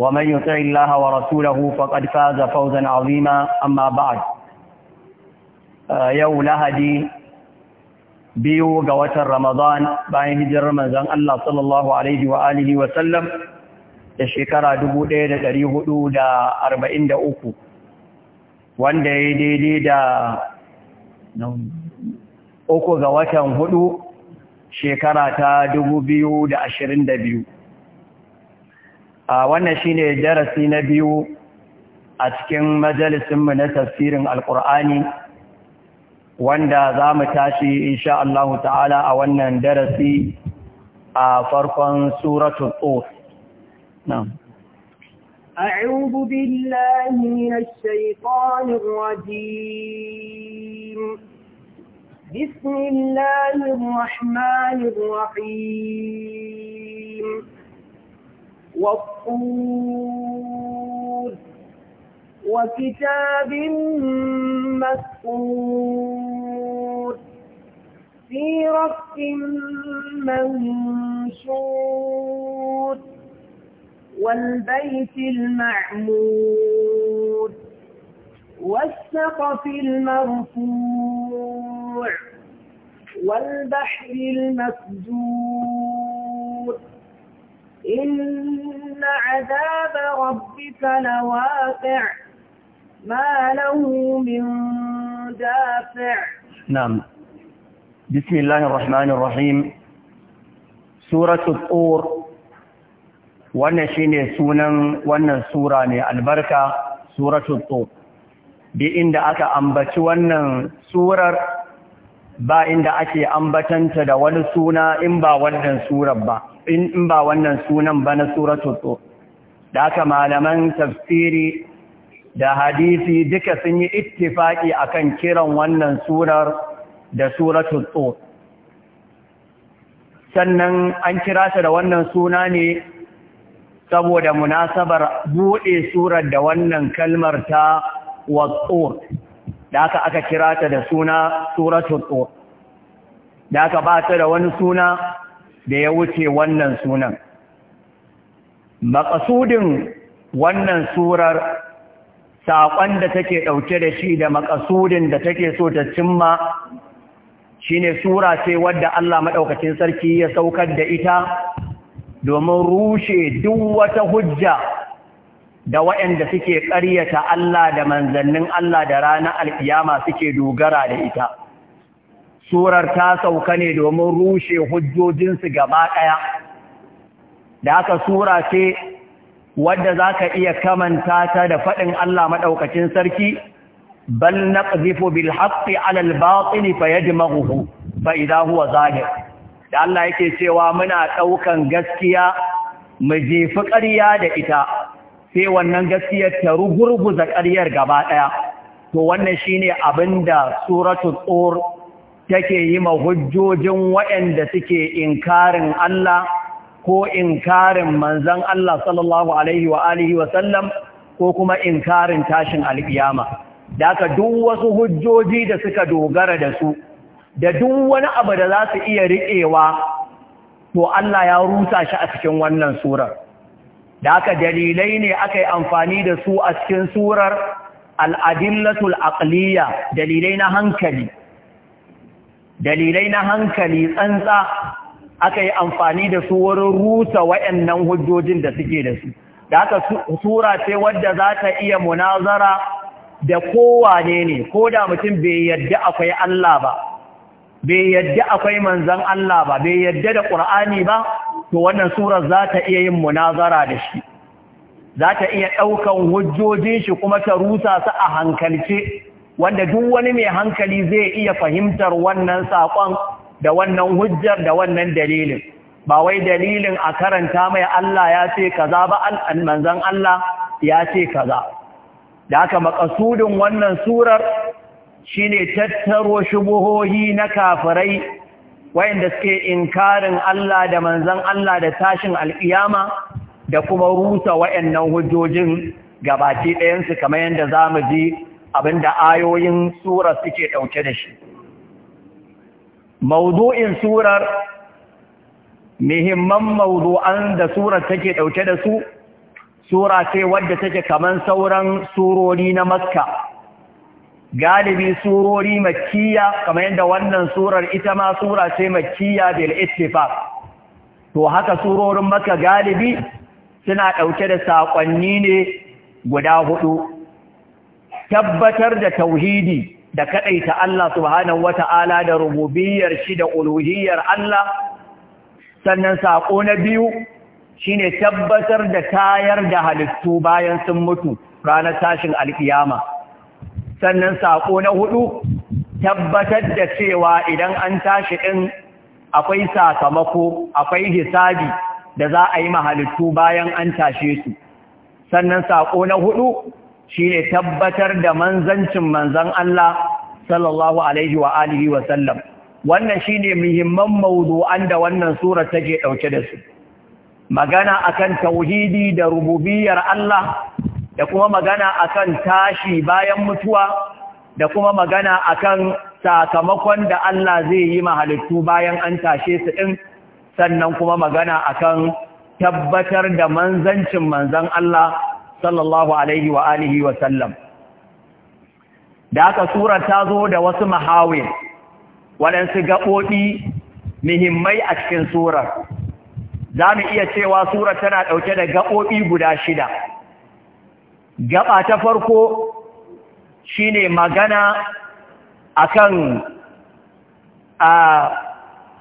ومن يطع الله ورسوله فقد فاز فوزا عظيما أما بعد يو لهدي biyu ga watan Ramadan bayan hijirar manzon Allah sallallahu alaihi wa alihi wa sallam da shekara 1443 wanda ya daidai da uku ga watan huɗu, shekara ta 2022 wannan shine darasi na biyu a cikin majalisinmu na tafsirin alkur'ani wanda za mu tashi insha ta'ala a wannan darasi a farkon suratu tsor na'am أعوذ بالله من الشيطان الرجيم بسم الله الرحمن الرحيم والطور وكتاب مسطور في رق منشور والبيت المعمود والسقف المرفوع والبحر المسجور إن عذاب ربك لواقع ما له من دافع نعم بسم الله الرحمن الرحيم سورة الطور wannan shine sunan wannan sura ne albarka suratul tur bi inda aka ambaci wannan surar ba inda ake ambatanta da wani suna in ba wannan surar ba in ba wannan sunan ba na suratul to da haka malaman tafsiri da hadisi duka sun yi ittifaki akan kiran wannan surar da suratul to sannan an kira ta da wannan suna ne saboda munasabar buɗe surar da wannan kalmar ta wa da aka aka kira ta da suna suratul tur da aka ba ta da wani suna da ya wuce wannan sunan maqasudin wannan surar saƙon da take ɗauke da shi da maƙasudin da take so ta cimma shine sura ce wadda Allah maɗaukacin sarki ya saukar da ita domin rushe duk wata hujja da waɗanda suke ƙaryata Allah da manzannin Allah da ranar alkiyama suke dogara da ita. Surar ta sauka ne domin rushe hujjojinsu gaba ɗaya, da haka sura ce wadda za ka iya kamanta ta da faɗin Allah maɗaukacin sarki, bal na ƙazifo bil haƙƙi alal batsini fa yadda mahuhu fa wa zahir. Da Allah yake cewa muna ɗaukan gaskiya mu jefi ƙarya da ita. sai wannan gaskiyar ta rugurguza ƙaryar gaba ɗaya to wannan shine abin da suratul tsor take yi ma hujjojin waɗanda suke inkarin Allah ko inkarin manzon Allah sallallahu alaihi wa alihi wa sallam ko kuma inkarin tashin alƙiyama da aka duk wasu hujjoji da suka dogara da su da duk wani abu da za su iya riƙewa to Allah ya rusa shi a cikin wannan surar da aka dalilai ne aka yi amfani da su a cikin surar al'adillatul aqliya dalilai na hankali dalilai na hankali tsantsa aka yi amfani da su wurin rusa wayannan hujjojin da suke da su da aka sura ce wadda za ta iya munazara da kowane ne ko da mutum bai yadda akwai Allah ba bai yadda akwai manzan Allah ba bai yadda da ƙur'ani ba to wannan surar za ta iya yin munazara da shi za ta iya ɗaukan hujjojin shi kuma ta rusa su a hankalce wanda duk wani mai hankali zai iya fahimtar wannan saƙon da wannan hujjar da wannan dalilin ba wai dalilin a karanta mai Allah ya ce kaza ba manzon Allah ya ce kaza da haka makasudin wannan surar shine tattaro shubuhohi na kafirai wayanda suke inkarin Allah da manzan Allah da tashin al'iyama da kuma rusa wayannan hujjojin gabaki ɗayansu kamar yadda za mu ji abinda ayoyin surar suke ɗauke da shi. Maudu'in surar muhimman maudu'an da surar take ɗauke da su, sura ce wadda take kamar sauran surori na Makka. galibi surori makkiya kamar yadda wannan surar ita ma sura ce makkiya bil ittifaq to haka surorin maka galibi suna ɗauke da saƙonni ne guda hudu tabbatar da tauhidi da kaɗaita Allah subhanahu wata'ala da rububiyar shi da uluhiyyar Allah sannan saƙo na biyu shine tabbatar da tayar da halittu bayan sun mutu ranar tashin alkiyama sannan saƙo na hudu tabbatar da cewa idan an tashi ɗin akwai sakamako akwai hisabi da za a yi mahalittu bayan an tashe su sannan saƙo na hudu shi ne tabbatar da manzancin manzan Allah sallallahu alaihi wa alihi wa sallam wannan shi ne muhimman mawudu'an da wannan sura take ɗauke da su magana akan tauhidi da rububiyar Allah da kuma magana akan tashi bayan mutuwa da kuma magana akan sakamakon da Allah zai yi mahalittu bayan an tashe su ɗin sannan kuma magana akan tabbatar da manzancin manzan Allah sallallahu alaihi wa alihi wa sallam da aka sura ta zo da wasu mahawin waɗansu gaɓoɓi muhimmai a cikin surar za mu iya cewa surar tana ɗauke da gaɓoɓi guda shida gaba ta farko shine magana akan a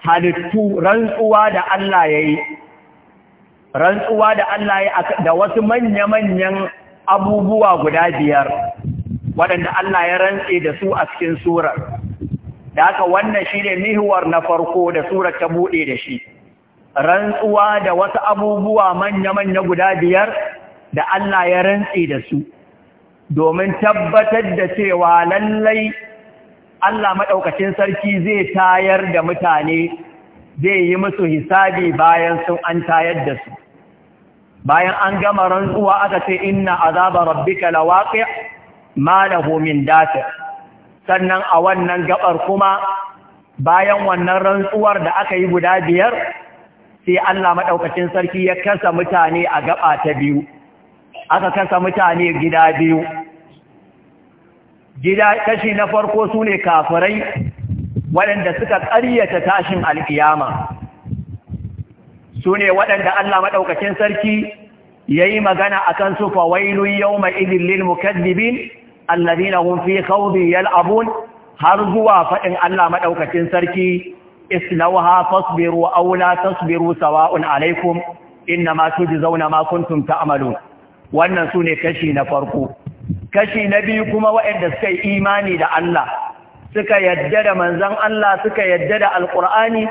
halittu rantsuwa da Allah ya yi rantsuwa da Allah ya da wasu manya-manyan abubuwa guda biyar waɗanda Allah ya rantse da su a cikin surar da aka wannan shi ne mihuwar na farko da surar ta buɗe da shi rantsuwa da wasu abubuwa manya-manya guda biyar da Allah ya rantsi da su domin tabbatar da cewa lallai Allah maɗaukacin sarki zai tayar da mutane zai yi musu hisabi bayan sun an tayar da su bayan an gama rantsuwa aka ce inna azaba rabbika lawaqi ma lahu min dafi sannan a wannan gabar kuma bayan wannan rantsuwar da aka yi guda biyar sai Allah maɗaukacin sarki ya kasa mutane a gaba ta biyu aka kasa mutane gida biyu gida kashi na farko su ne kafirai waɗanda suka ƙaryata tashin alƙiyama su ne waɗanda Allah maɗaukacin sarki ya yi magana a kan su fawailun yau mai idillin mukaddibin allazina hun fi yal yal'abun har zuwa faɗin Allah maɗaukacin sarki islauha fasbiru aula tasbiru sawa'un alaikum inna ma zauna ma kuntum ta'malun wannan su ne kashi na farko kashi na biyu kuma waɗanda suka yi imani da Allah suka yadda da manzan Allah suka yadda da alƙur'ani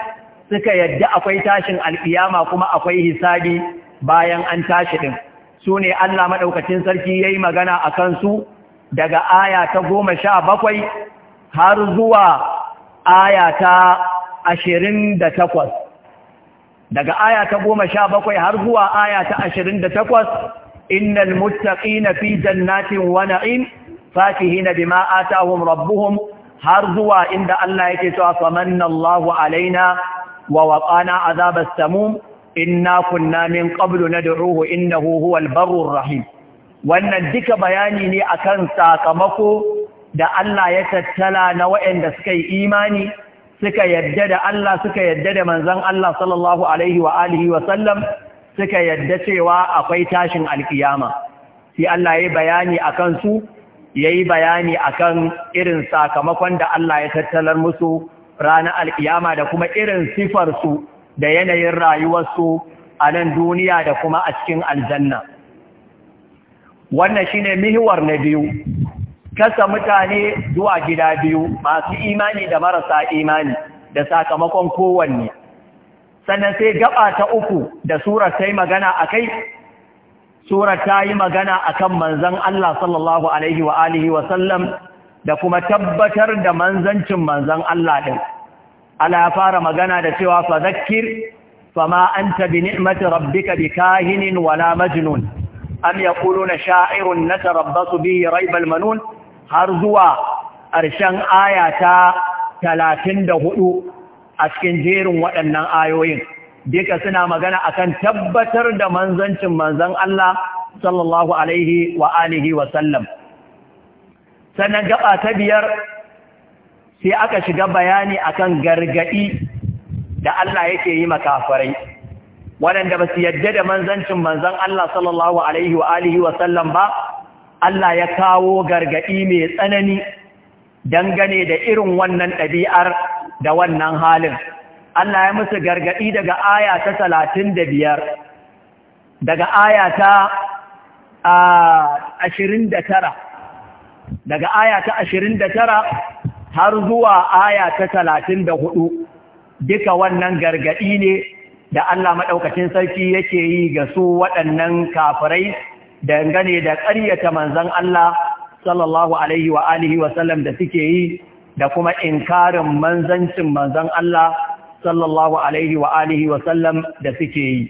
suka yadda akwai tashin alƙiyama kuma akwai hisabi bayan an tashi ɗin su ne Allah maɗaukacin sarki ya yi magana a kansu daga aya ta goma sha bakwai har zuwa aya ta ashirin da takwas daga aya ta goma sha bakwai har zuwa aya ta ashirin da takwas innal muttaqina fi jannatin wa na'im fatihina bima ataahum rabbuhum har zuwa inda Allah yake cewa famanna Allahu alaina wa waqana azab as-samum inna kunna min qablu nad'uhu innahu huwal barur rahim wannan duka bayani ne akan sakamako da Allah ya tattala na waɗanda suka yi imani suka yadda da Allah suka yadda da manzon Allah sallallahu wa sallam suka yadda cewa akwai tashin alkiyama sai Allah ya bayani akan su yayi bayani akan irin sakamakon da Allah ya tattalar musu ranar alkiyama da kuma irin sifar su da yanayin rayuwarsu a nan duniya da kuma a cikin aljanna wannan shine mihiwar na biyu kasa mutane zuwa gida biyu masu imani da marasa imani da sakamakon kowanne sannan sai gaba ta uku da surar ta yi magana a kai surar ta yi magana a kan manzan Allah sallallahu Alaihi wa alihi da kuma tabbatar da manzancin manzan Allah ɗin Allah ya fara magana da cewa fa zakir fama an tabi ni'mati rabbika bi kahinin wala majnun am yaquluna sha'irun natarabbasu bihi raibal manun har zuwa ƙarshen aya ta 34 a cikin jerin waɗannan ayoyin duka suna magana akan tabbatar da manzancin manzan Allah sallallahu alaihi wa alihi wa sallam sannan gaba ta biyar sai aka shiga bayani akan gargadi da Allah yake yi makafarai waɗanda ba su yadda da manzancin manzan Allah sallallahu alaihi wa alihi wa sallam ba Allah ya kawo gargadi mai tsanani dangane da irin wannan ɗabi'ar da wannan halin Allah ya musu gargadi daga aya ta 35 daga aya ta 29 daga aya ta 29 har zuwa aya ta 34 duka wannan gargadi ne da Allah madaukakin sarki yake yi ga su waɗannan kafirai dangane da ƙaryata manzon Allah sallallahu alaihi wa alihi wa sallam da suke yi da kuma inkarin manzancin manzan Allah sallallahu alaihi wa alihi da suke yi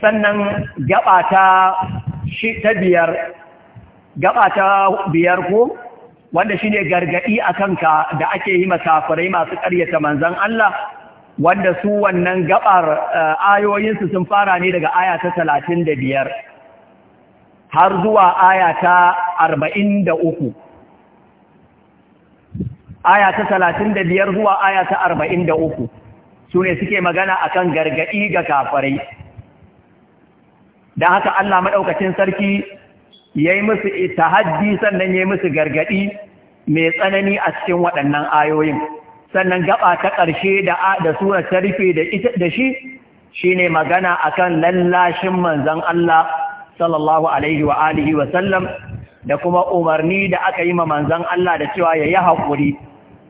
sannan gaba ta biyar gaba ta biyar ko wanda shine gargadi akan ka da ake yi makafirai masu ƙaryata manzan Allah wanda su wannan gabar eh, ayoyinsu sun fara ne daga aya ta 35 har zuwa aya ta uku. aya ta talatin da biyar zuwa aya ta arba'in da uku su ne suke magana a kan gargaɗi ga kafarai Da haka Allah maɗaukacin sarki ya yi musu tahaddi sannan ya yi musu gargaɗi mai tsanani a cikin waɗannan ayoyin sannan gaba ta ƙarshe da da sura ta rufe da shi shi ne magana a kan lallashin manzan Allah sallallahu alaihi wa alihi wa sallam da kuma umarni da aka yi ma manzan Allah da cewa ya yi haƙuri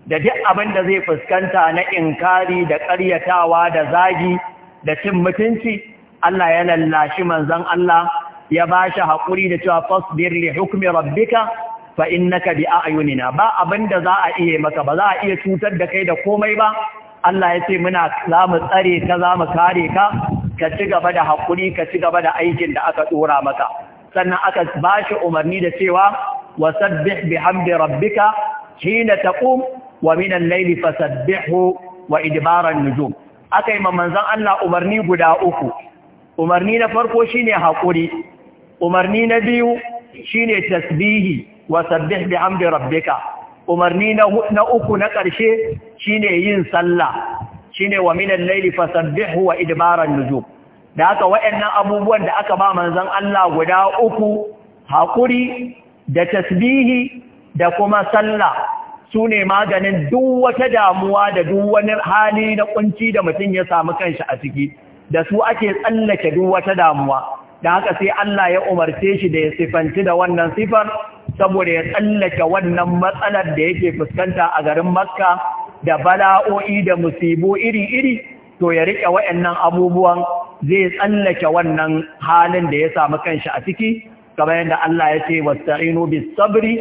da duk abin da zai fuskanta na inkari da ƙaryatawa da zagi da cin mutunci Allah ya lallashi manzan Allah ya ba shi haƙuri da cewa fasbir li hukmi rabbika fa innaka bi a'yunina ba abin da za a iya maka ba za a iya cutar da kai da komai ba Allah ya ce muna za mu tsare ka za mu kare ka ka ci gaba da haƙuri ka ci gaba da aikin da aka tsora maka sannan aka ba shi umarni da cewa wasabbih bihamdi rabbika hina taqum wa min al-layli fasabbihu wa idbaran nujum akai ma manzon Allah umarni guda uku umarni na farko shine hakuri umarni na biyu shine tasbihi wasabbih bihamdi rabbika umarni na uku na ƙarshe shine yin sallah shine wa min al-layli fasabbihu wa idbaran nujum da haka waɗannan abubuwan da aka ba manzon Allah guda uku hakuri da tasbihi da kuma sallah su ne maganin duk wata damuwa da duk wani hali na kunci da mutum ya samu kanshi a ciki da su ake tsallake duk wata damuwa da haka sai Allah ya umarce shi da ya sifanci da wannan sifar saboda ya tsallake wannan matsalar da yake fuskanta a garin Makka da bala'o'i da Musibo iri-iri to ya riƙe wayannan abubuwan zai tsallake wannan halin da ya samu kanshi a ciki kamar yadda Allah ya ce wasta'inu bi sabri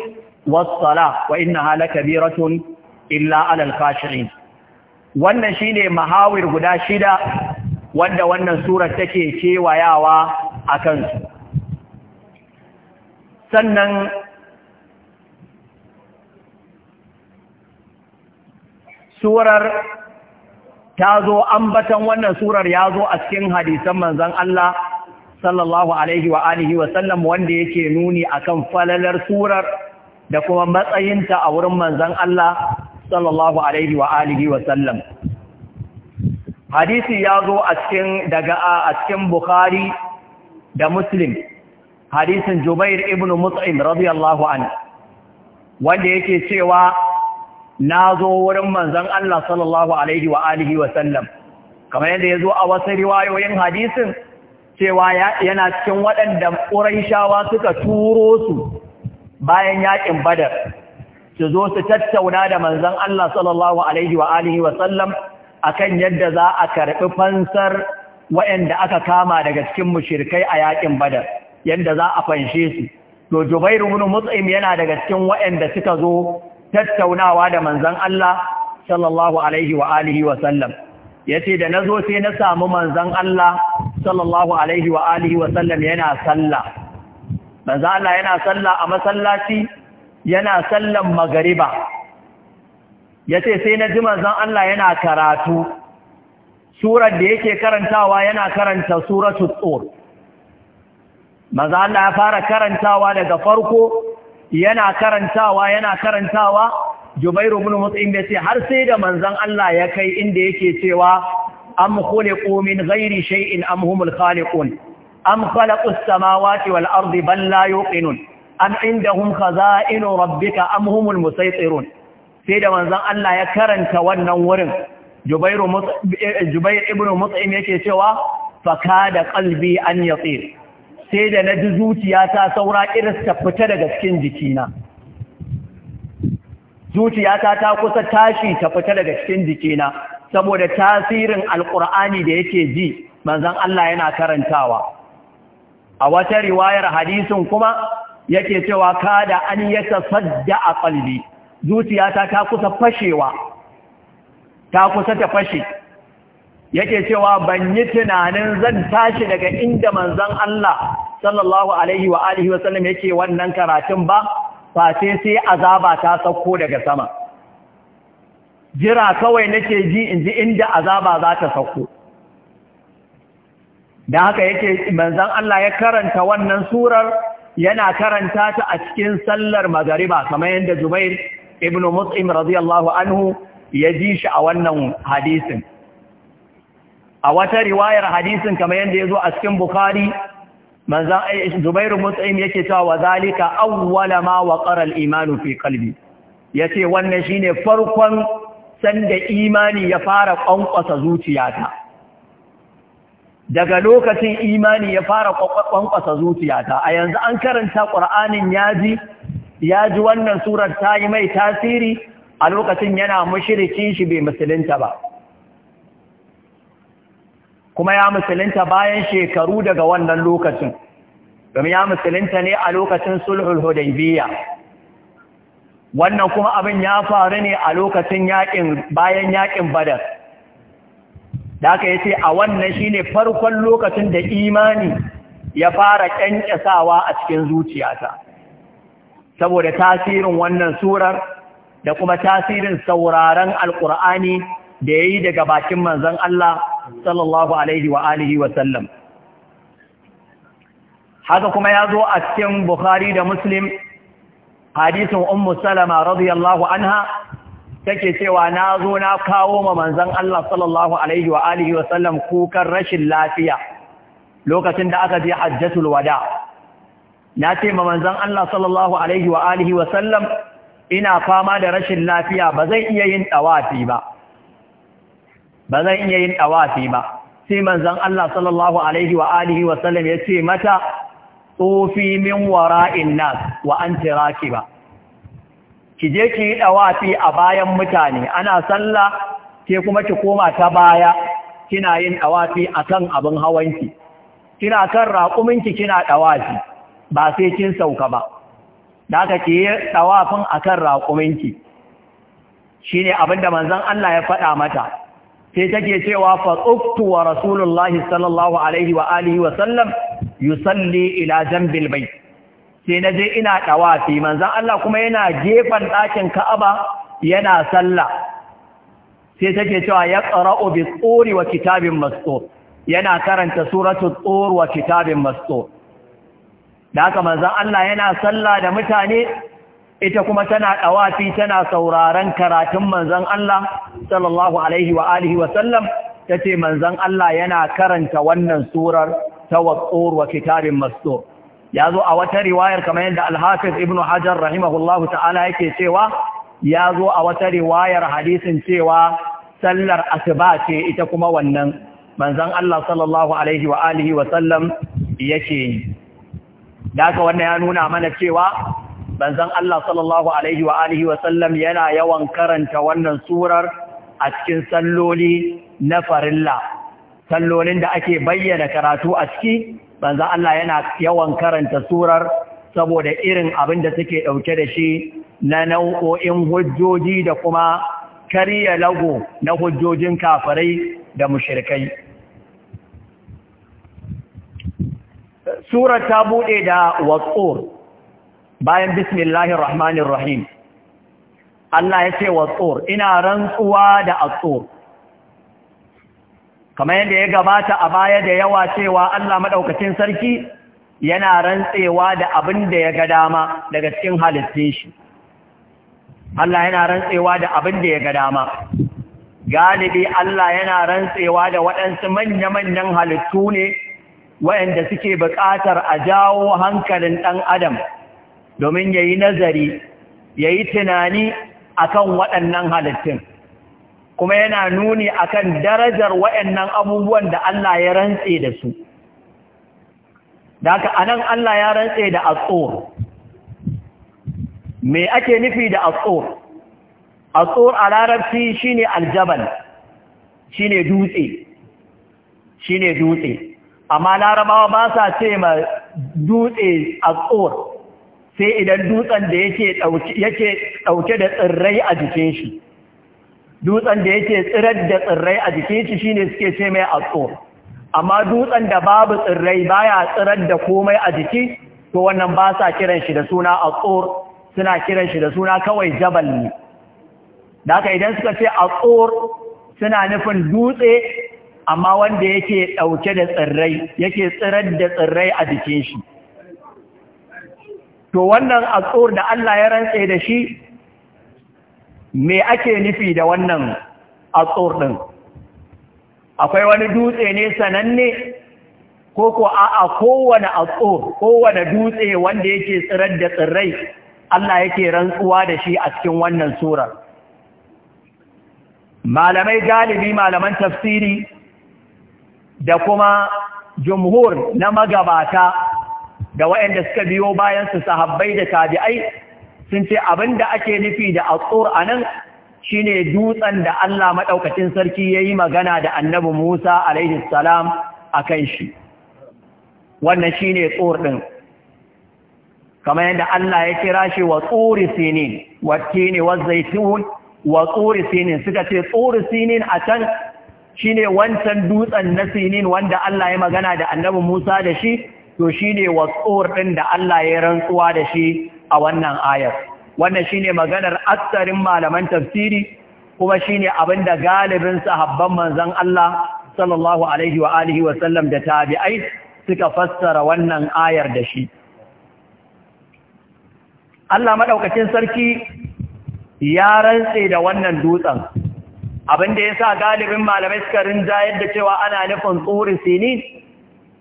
was sala wa innaha lakabiratun illa alal khashi'in wannan shine mahawir guda shida wanda wannan surar take kewayawa a kansu sannan surar ta zo ambatan wannan surar ya zo a cikin hadisan manzon Allah sallallahu alaihi wa alihi wa sallam wanda yake nuni akan falalar surar da kuma matsayinta a wurin manzan Allah sallallahu alaihi wa alihi wa sallam hadisi ya zo a cikin daga a cikin Bukhari da Muslim hadisin Jubair ibn Mut'im radiyallahu anhu wanda yake cewa na zo wurin manzon Allah sallallahu alaihi kamar yadda ya zo a wasu riwayoyin hadisin cewa yana cikin waɗanda ƙuraishawa suka turo su bayan yaƙin badar su zo su tattauna da manzon Allah sallallahu alaihi akan yadda za a karɓi fansar waɗanda aka kama daga cikin mushirikai a yaƙin badar yadda za a fanshe su to Jubairu ibn yana daga cikin waɗanda suka zo tattaunawa da manzan Allah sallallahu alaihi wa alihi wa sallam yace da nazo sai na samu manzan Allah sallallahu alaihi wa alihi wa sallam yana sallah manzon Allah yana sallah a masallaci yana sallan magariba yace sai na ji manzan Allah yana karatu surar da yake karantawa yana karanta suratul tur manzon Allah ya fara karantawa daga farko yana karantawa yana karantawa Jubairu ibn Mut'im bai ce har sai da manzon Allah ya kai inda yake cewa am khuliqu min ghairi shay'in am humul khaliqun am khalaqus samawati wal ardi bal la yuqinun am indahum khaza'inu rabbika am humul musaytirun sai da manzon Allah ya karanta wannan wurin Jubairu eh, Jubair ibn Mut'im yake cewa da qalbi an yatir sai da na ji zuciya ta saura iris ta fita daga cikin jikina zuciyata ta kusa tashi ta fita daga cikin jikina saboda tasirin Alƙur'ani da yake ji manzon Allah yana karantawa a wata riwayar hadisin kuma yake cewa kada an yata sadda a zuciya zuciyata ta kusa fashewa ta kusa ta fashe yake cewa ban yi tunanin zan tashi daga inda manzon Allah sallallahu alaihi wa alihi wasallam yake wannan karatun ba face sai azaba ta sauko daga sama jira kawai nake ji in ji inda azaba za ta sauko da haka yake manzon Allah ya karanta wannan surar yana karanta ta a cikin sallar magariba kamar yadda Jubair ibn mus'im radiyallahu anhu ya ji shi a wannan hadisin a wata riwayar hadisin kamar yadda ya zo a cikin bukari eh, zubairu mutsayin yake cewa wa zalika awwala ma wa al-imanu fi ya ce wannan ne farkon sanda imani ya fara ƙwanƙwasa zuciyata daga lokacin imani ya fara ƙwanƙwasa zuciyata a yanzu an karanta qur'anin yaji yaji wannan surar ta yi mai tasiri a lokacin yana mashirikin shi bai musulunta ba kuma ya musulunta bayan shekaru daga wannan lokacin domin ya musulunta ne a lokacin sulhul hudaybiya wannan kuma abin ya faru ne a lokacin yakin bayan yakin badar da aka yace a wannan shine farkon lokacin da imani ya fara kyankyasawa a cikin zuciyata saboda tasirin wannan surar da kuma tasirin sauraren alkur'ani da yayi daga bakin manzon Allah sallallahu alaihi wa alihi wa sallam haka kuma ya zo a cikin Bukhari da Muslim hadisin Ummu Salama radiyallahu anha take cewa na zo na kawo ma manzan Allah sallallahu alaihi wa alihi wa sallam kukan rashin lafiya lokacin da aka je hajjatul wada na ce ma manzan Allah sallallahu alaihi wa alihi wa sallam ina fama da rashin lafiya ba zai iya yin ɗawafi ba ba zan iya yin ɗawafi ba sai manzon Allah sallallahu alaihi wa alihi wa ya ce mata tsofi min wara'in nas wa anti rakiba ki je ki yi ɗawafi a bayan mutane ana sallah ke kuma ki koma ta baya kina yin ɗawafi akan abin hawanki kina kan raƙuminki kina ɗawafi ba sai kin sauka ba da aka ke ɗawafin akan raƙuminki shine abinda manzon Allah ya faɗa mata sai take cewa fa tsuftu wa rasulullahi sallallahu alaihi wa alihi wa sallam yusalli ila jambil bait sai na je ina ɗawafi manzan Allah kuma yana gefen ɗakin Ka'aba yana sallah sai take cewa ya qara'u bi tsuri wa kitabin mastur yana karanta suratu tsur wa kitabin mastur da haka manzan Allah yana sallah da mutane ita kuma tana ɗawafi tana sauraron karatun manzon Allah sallallahu alaihi wa alihi wa sallam tace manzon Allah yana karanta wannan surar tawaqqur wa kitabin mastur yazo a wata riwayar kamar yadda al-Hafiz Ibn Hajar rahimahullahu ta'ala yake cewa yazo a wata riwayar hadisin cewa sallar asuba ce ita kuma wannan manzon Allah sallallahu alaihi wa alihi wa sallam yake yi. Daka wannan ya nuna mana cewa Banzan Allah sallallahu alaihi wa alihi wa sallam yana yawan karanta wannan surar a cikin salloli na farilla sallolin da ake bayyana karatu a ciki Banzan Allah yana yawan karanta surar saboda irin abin da take dauke da shi na nau'o'in hujjoji da kuma kariya lago na hujjojin kafirai da mushrikai surar ta bude da wasur bayan bismillahir rahmanir rahim Allah ya ce wa tsor ina rantsuwa da atsor kamar yadda ya gabata a baya da yawa cewa Allah maɗaukacin sarki yana rantsewa da abin da ya ga dama daga cikin halittun shi Allah yana rantsewa da abin da ya ga dama galibi Allah yana rantsewa da waɗansu manya-manyan halittu ne waɗanda suke buƙatar a jawo hankalin ɗan adam domin ya yi nazari ya yi tunani a kan waɗannan halittun kuma yana nuni a kan darajar waɗannan abubuwan da Allah ya rantse da su Daka a anan Allah ya rantse da atsor me ake nufi da atsor atsor a larabci ne aljabal shine dutse ne dutse amma larabawa ba sa ce ma dutse atsor sai idan dutsen da yake ɗauke da tsirrai a jikin shi dutsen da yake tsirar da tsirrai a jikin shi shine suke ce mai atso amma dutsen da babu tsirrai baya tsirar da komai a jiki to wannan ba sa kiran shi da suna atso suna kiran shi da suna kawai jabal ne da idan suka ce atso suna nufin dutse amma wanda yake ɗauke da tsirrai yake tsirar da tsirrai a jikin shi to wannan atsor da Allah ya rantse da shi me ake nufi da wannan atsor din? akwai wani dutse ne sananne ko ko a'a kowane atsor kowane dutse wanda yake tsirar da tsirrai Allah yake rantsuwa da shi a cikin wannan surar malamai galibi malaman tafsiri da kuma jumhur na magabata da waɗanda suka biyo bayan su sahabbai da tabi'ai sun ce abin da ake nufi da atsur a nan shine dutsen da Allah maɗaukacin sarki ya yi magana da annabi Musa alaihi salam a kan shi wannan shine tsor ɗin kamar yadda Allah ya kira shi wa tsuri sinin wacce ne wa zaitun wa tsuri sinin suka ce tsuri sinin a can shine wancan dutsen na sinin wanda Allah ya magana da annabi Musa da shi to shine wasuwar ɗin da Allah ya rantsuwa da shi a wannan ayar wannan shine maganar aksarin malaman tafsiri kuma shine abin da galibin sahabban manzon Allah sallallahu alaihi wa alihi wa sallam da tabi'ai suka fassara wannan ayar da shi Allah maɗaukacin sarki ya rantse da wannan dutsen abin da sa galibin malamai suka rinjayar da cewa ana nufin tsuri sinin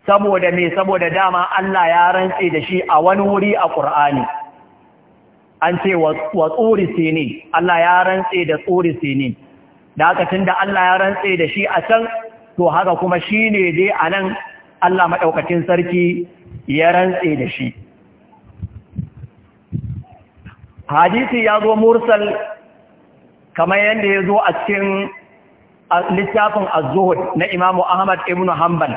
saboda me saboda dama Allah ya rantse da shi a wani wuri a Qur'ani an ce wa tsuri sini Allah ya rantse da tsuri sini da haka tunda Allah ya rantse da shi a can to haka kuma shi ne dai anan Allah madaukakin sarki ya rantse da shi hadisi ya zo mursal kamar yadda ya zo a cikin littafin az na Imam Ahmad ibn Hanbal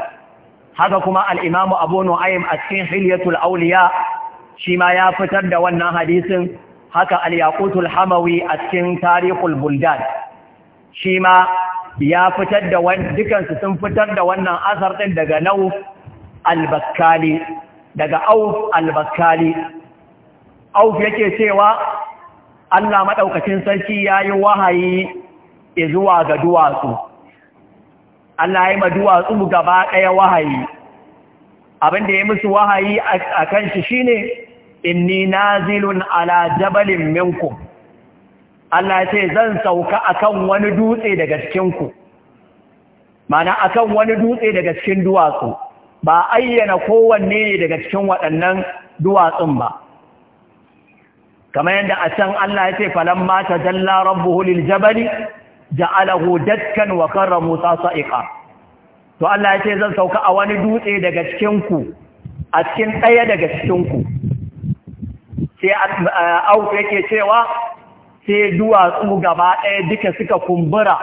haka kuma al'imamu abu nu'aim a cikin hilyatul auliya shi ma ya fitar da wannan hadisin haka al’yakutul hamawi a cikin tarihul buldan shi ma ya fitar da dukansu sun fitar da wannan asar ɗin daga nau albaskali daga auf albaskali auf yake cewa Allah maɗaukacin sarki ya yi wahayi zuwa ga duwatsu Allah ya yi ma duwatsu gaba ɗaya wahayi abin da ya musu wahayi a kan shi shine inni nazilun ala jabalin minku, Allah ya ce zan sauka akan wani dutse daga cikinku, mana akan wani dutse daga cikin duwatsu ba ayyana kowanne ne daga cikin waɗannan duwatsun ba kamar yadda a can Allah ya ce falamma tajalla rabbu hulil jabali ja'alahu dakkan wa karra musa sa'iqa to Allah ya ce zan sauka a wani dutse daga cikin ku a cikin ɗaya daga cikin ku sai au yake cewa sai duwatsu gaba ɗaya duka suka kumbura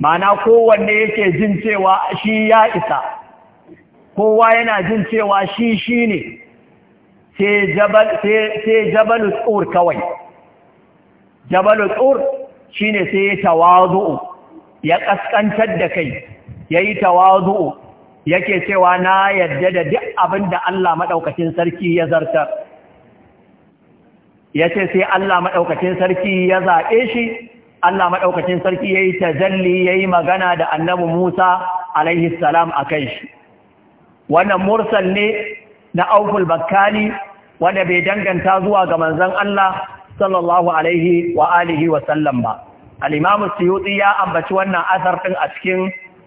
mana kowanne yake jin cewa shi ya isa kowa yana jin cewa shi shi ne sai jabalu Ur kawai jabalu Ur. shine sai ya tawazu ya ƙasƙantar da kai yayi tawazu yake cewa na yadda da duk abin da Allah madaukakin sarki ya zartar yace sai Allah madaukakin sarki ya zaɓe shi Allah maɗaukacin sarki ya yi yayi ya yi magana da annabi Musa alaihi salam a kai shi. Wannan mursal ne na aukul bakkali wanda bai danganta zuwa ga Manzon Allah sallallahu alaihi wa alihi wa sallam ba al-imam suyuti ya ambaci wannan asar din a cikin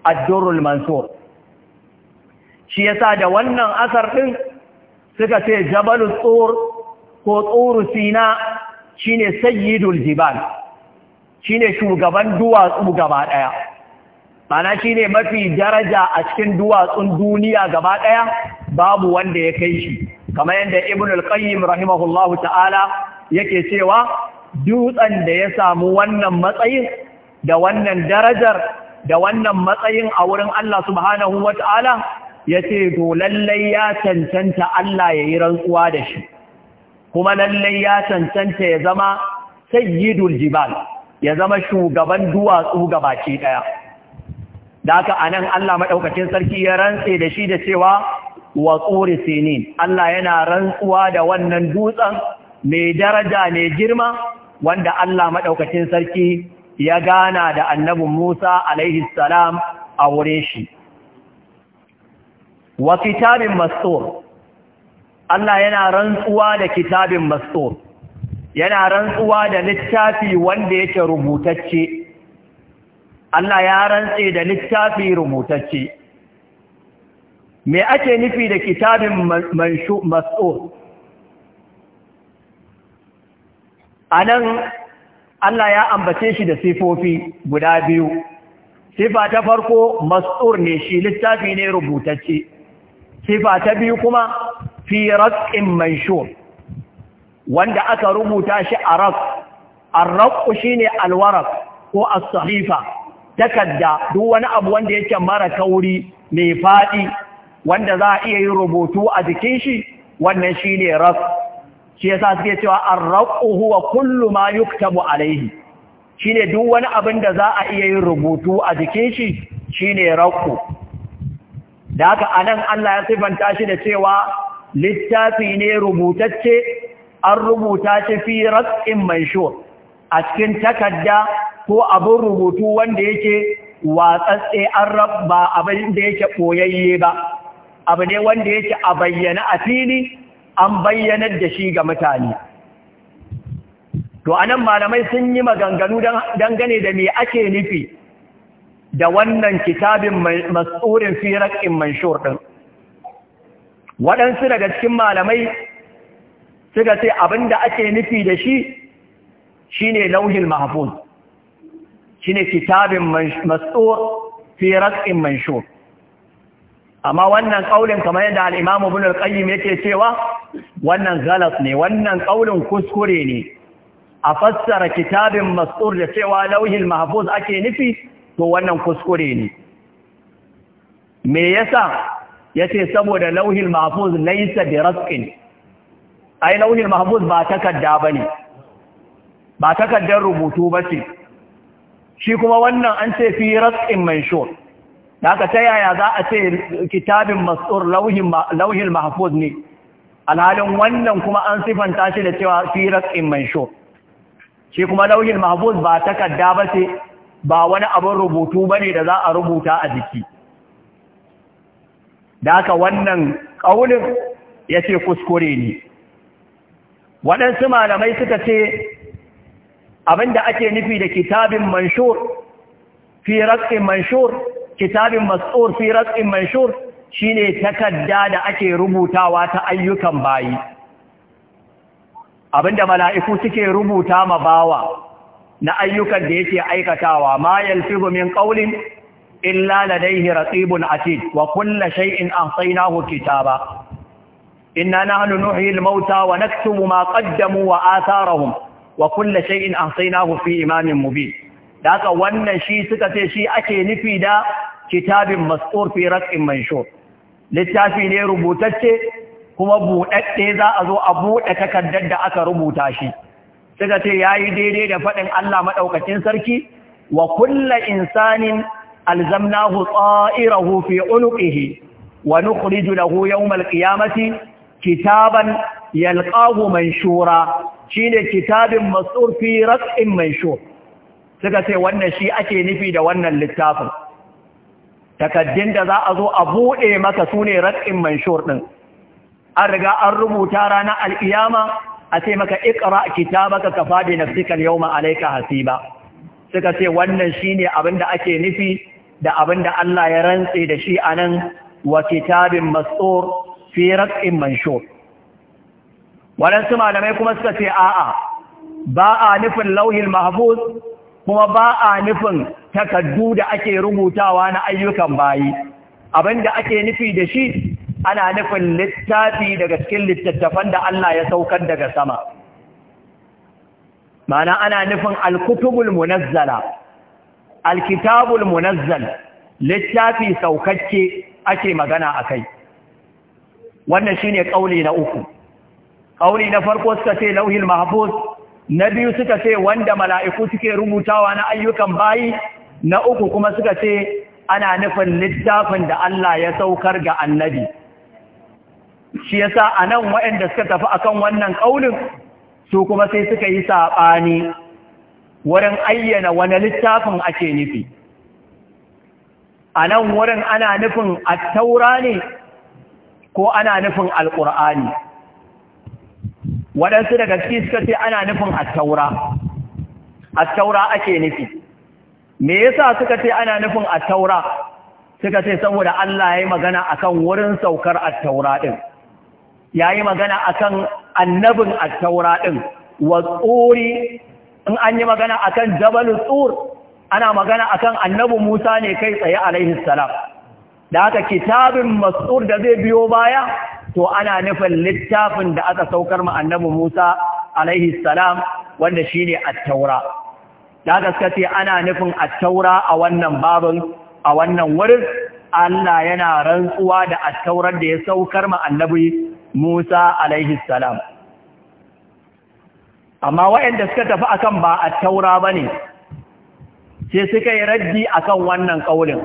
ad-durrul mansur shi yasa da wannan asar din suka ce Jabalut tsur ko tsuru sina shine sayyidul jibal shine shugaban duwatsu gaba daya mana shine mafi daraja a cikin duwatsun duniya gaba daya babu wanda ya kai shi kamar yadda ibn al-qayyim rahimahullahu ta'ala yake cewa dutsen da ya samu wannan matsayin da wannan darajar da wannan matsayin a wurin Allah subhanahu wata'ala ya ce to lallai ya cancanta Allah ya yi rantsuwa da shi kuma lallai ya cancanta ya zama sayyidul jibal ya zama shugaban duwatsu gabaki daya da haka anan Allah Maɗaukacin sarki ya rantse da shi da cewa wa tsuri sinin Allah yana rantsuwa da wannan dutsen mai daraja mai girma wanda Allah maɗaukacin sarki ya gana da annabin Musa alaihi salam a wurin shi. Wa kitabin mastor, Allah yana rantsuwa da kitabin mastor, yana rantsuwa da littafi wanda yake rubutacce. Allah ya rantse da littafi rubutacce. Me ake nufi da kitabin mastor? a nan Allah ya ambace shi da sifofi guda biyu sifa ta farko mas'ur ne shi littafi ne rubutacce sifa ta biyu kuma fi mai manshur wanda aka rubuta shi a raq shi shine alwarar ko as-sahifa takadda duk wani abu wanda yake mara kauri mai faɗi. wanda za a iya yin rubutu a jikin shi wannan shi ne rasu. shi yasa suke cewa arraqu huwa kullu ma yuktabu alayhi shine duk wani abin da za a iya yi rubutu a jikin shi shine raqu da haka anan Allah ya sifanta shi da cewa littafi ne rubutacce an rubuta shi fi raqin manshur a cikin takarda ko abin rubutu wanda yake watsatse an ba abin da yake ɓoyayye ba abu ne wanda yake a bayyana a fili an bayyanar da shi ga mutane to anan malamai sun yi maganganu dangane da me ake nufi da wannan kitabin mas'urin firakin manshur ɗin. waɗansu daga cikin malamai suka abin da ake nufi da shi shi shine lauhin shi ne kitabin mas'ur firakin manshur amma wannan ƙaulin kamar yadda al-Imam Ibn yake cewa wannan galas ne wannan ƙaulin kuskure ne a fassara kitabin mas'ur da cewa lauhin mahfuz ake nufi to wannan kuskure ne me yasa yace saboda lauhin mahfuz laysa da rasqin ai lauhin mahfuz ba takarda bane ba takardar rubutu ce. shi kuma wannan an ce fi mai manshur da aka ta yaya za a ce kitabin mas'ur lauhin mahfuz ne alhalin wannan kuma an sifanta shi da cewa firas in mansho shi kuma lauhin mahfuz ba takarda ba ce ba wani abin rubutu ba ne da za a rubuta a jiki da aka wannan ƙaunin ya ce kuskure ne waɗansu malamai suka ce abinda ake nufi da kitabin manshur fi raƙin manshur kitabin mas'ur fi ratsin manshur shine takadda da ake rubutawa ta ayyukan bayi abinda mala'iku suke rubuta ma bawa na ayyukan da yake aikatawa ma yalfizu min qawlin illa ladayhi raqibun atid wa kullu shay'in ahsaynahu kitaba inna nahnu nuhyil mauta wa naktubu ma qaddamu wa atharahum wa kullu shay'in ahsaynahu fi imamin mubin da haka wannan shi suka ce shi ake nufi da kitabin mas'ur fi raqin manshur littafi ne rubutacce kuma buɗaɗɗe za a zo a buɗe takardar da aka rubuta shi suka ce yayi daidai da faɗin Allah madaukakin sarki wa kulla insanin alzamnahu ta'irahu fi unuqihi wa nukhriju lahu yawm alqiyamati kitaban yalqahu manshura shine kitabin mas'ur fi raqin manshur suka ce wannan shi ake nufi da wannan littafin takaddun da za a zo a buɗe maka su ne ratsin manshur ɗin an riga an rubuta ranar al'iyama a ce maka kita kitabaka kafa bi nafsika yau yawma hasiba suka ce wannan ne abin da ake nufi da abin da Allah ya rantse da shi anan wa kitabin mastur fi raqin manshur waɗansu malamai kuma suka ce a'a ba a nufin lauhin mahfuz kuma ba a nufin takaddu da ake rubutawa na ayyukan bayi abinda ake nufi da shi ana nufin littafi daga cikin littattafan da Allah ya saukar daga sama mana ana nufin alkutubul munazzala alkitabul munazzal littafi saukacce ake magana akai wannan shine kauli na uku kauli na farko suka ce lauhil mahfuz na biyu suka ce wanda mala'iku suke rubutawa na ayyukan bayi na uku kuma suka ce ana nufin littafin da Allah ya saukar ga annabi shi ya sa a anan waɗanda suka tafi akan wannan ƙaunin, su kuma sai suka yi saɓani wurin ayyana wani littafin ake nufi A nan wurin ana nufin Attaura ne ko ana nufin al’ur'ani waɗansu daga ciki suka ce ana nufin attaura attaura ake nufi me yasa suka ce ana nufin attaura suka ce saboda Allah ya yi magana akan wurin saukar attaura ɗin ya yi magana akan annabin attaura ɗin wa tsuri in an yi magana akan jabalu tsur ana magana akan annabi Musa ne kai tsaye alaihi salam da haka kitabin mas'ur da zai biyo baya to ana nufin littafin da aka saukar ma annabi Musa alaihi salam wanda shine at-taura da gaskace ana nufin at-taura a wannan babun a wannan wurin Allah yana rantsuwa da at-taurar da ya saukar ma annabi Musa alaihi salam amma waɗanda suka tafi akan ba at-taura bane sai suka yi raddi akan wannan kaulin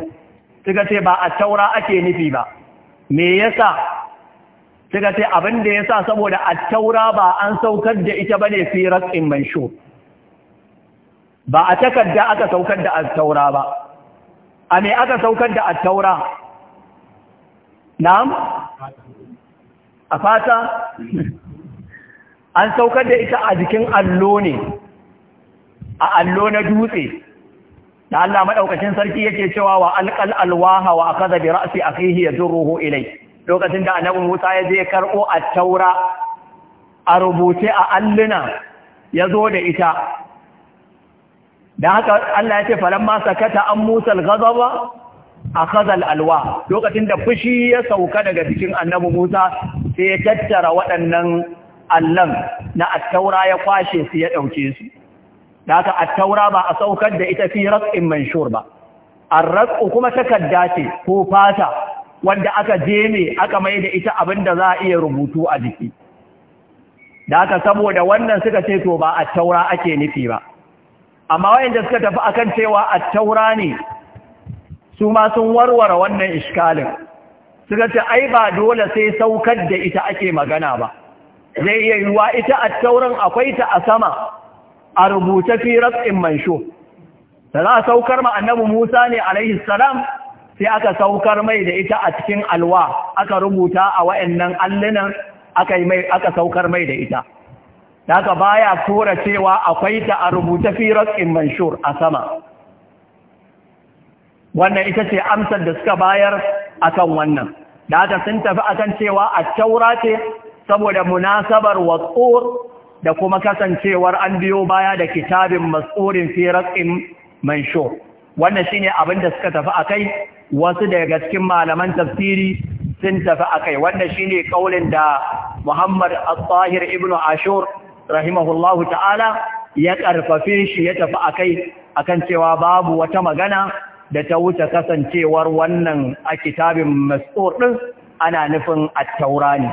suka ce ba at-taura ake nufi ba me yasa suka ce abin da ya sa saboda attaura ba an saukar da ita ba ne fi ratsin shu ba a takarda aka saukar da attaura ba a me aka saukar da attaura na'am a fata an saukar da ita a jikin allo ne a allo na dutse da Allah maɗaukacin sarki yake cewa wa alƙal alwaha wa akaza bi ra'si akhihi zurruhu ilai. lokacin da annabi Musa ya je karɓo a taura a rubuce a alluna ya zo da ita da haka Allah ya ce falamma sakata an Musa al-ghadaba akhadha al-alwa lokacin da fushi ya sauka daga cikin annabi Musa sai ya tattara waɗannan allan na at-taura ya kwashe su ya dauke su da haka at-taura ba a saukar da ita fi raqin manshur ba ar-raq kuma takadda ce ko fata Wanda aka je ne aka mai da ita abin da za a iya rubutu a jiki da aka saboda wannan suka ce to ba a taura ake nufi ba amma wayanda suka tafi akan cewa a taura ne su ma sun warware wannan iskalin suka ce ai ba dole sai saukar da ita ake magana ba zai iya yiwuwa ita a taurin akwai ta a sama a rubuta fi in mansho da za a saukar ma annabi musa ne alaihi salam sai aka saukar mai da ita a cikin alwa aka rubuta a wa'annan allinan aka mai aka saukar mai da ita daga baya tura cewa akwai ta a rubuta fi in manshur a sama wannan ita ce amsar da suka bayar akan wannan daga sun tafi akan cewa a taura ce saboda munasabar watsur da kuma kasancewar an biyo baya da kitabin masurin fi in manshur wannan shine abin da suka tafi akai wasu daga cikin malaman tafsiri sun tafi akai wannan shine kaulin da Muhammad Al-Tahir ibn Ashur rahimahullahu ta'ala ya karfafe shi ya tafi akai akan cewa babu wata magana da ta wuce kasancewar wannan a kitabin mas'ur din ana nufin at-taurani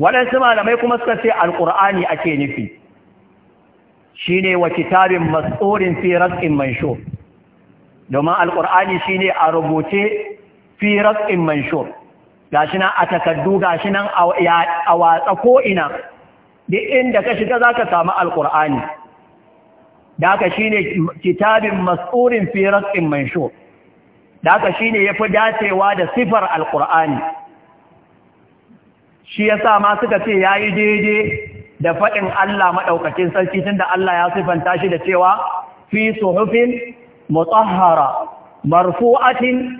waɗansu malamai kuma suka ce alƙur'ani ake nufi shine wa kitabin matsorin Firas in manshur domin shi shine a rubuce firas in manshur shi nan a takardu ga shi nan a watsa ko'ina. da inda ka shiga za zaka samu ka shi shine kitabin matsorin firas in manshur ne shine fi dacewa da sifar al’ur'ani shi ya sa ma suka ce ya yi daidai da faɗin Allah maɗaukacin sarki tunda Allah ya sifanta shi da cewa fi suhufin mutahhara marfu'atin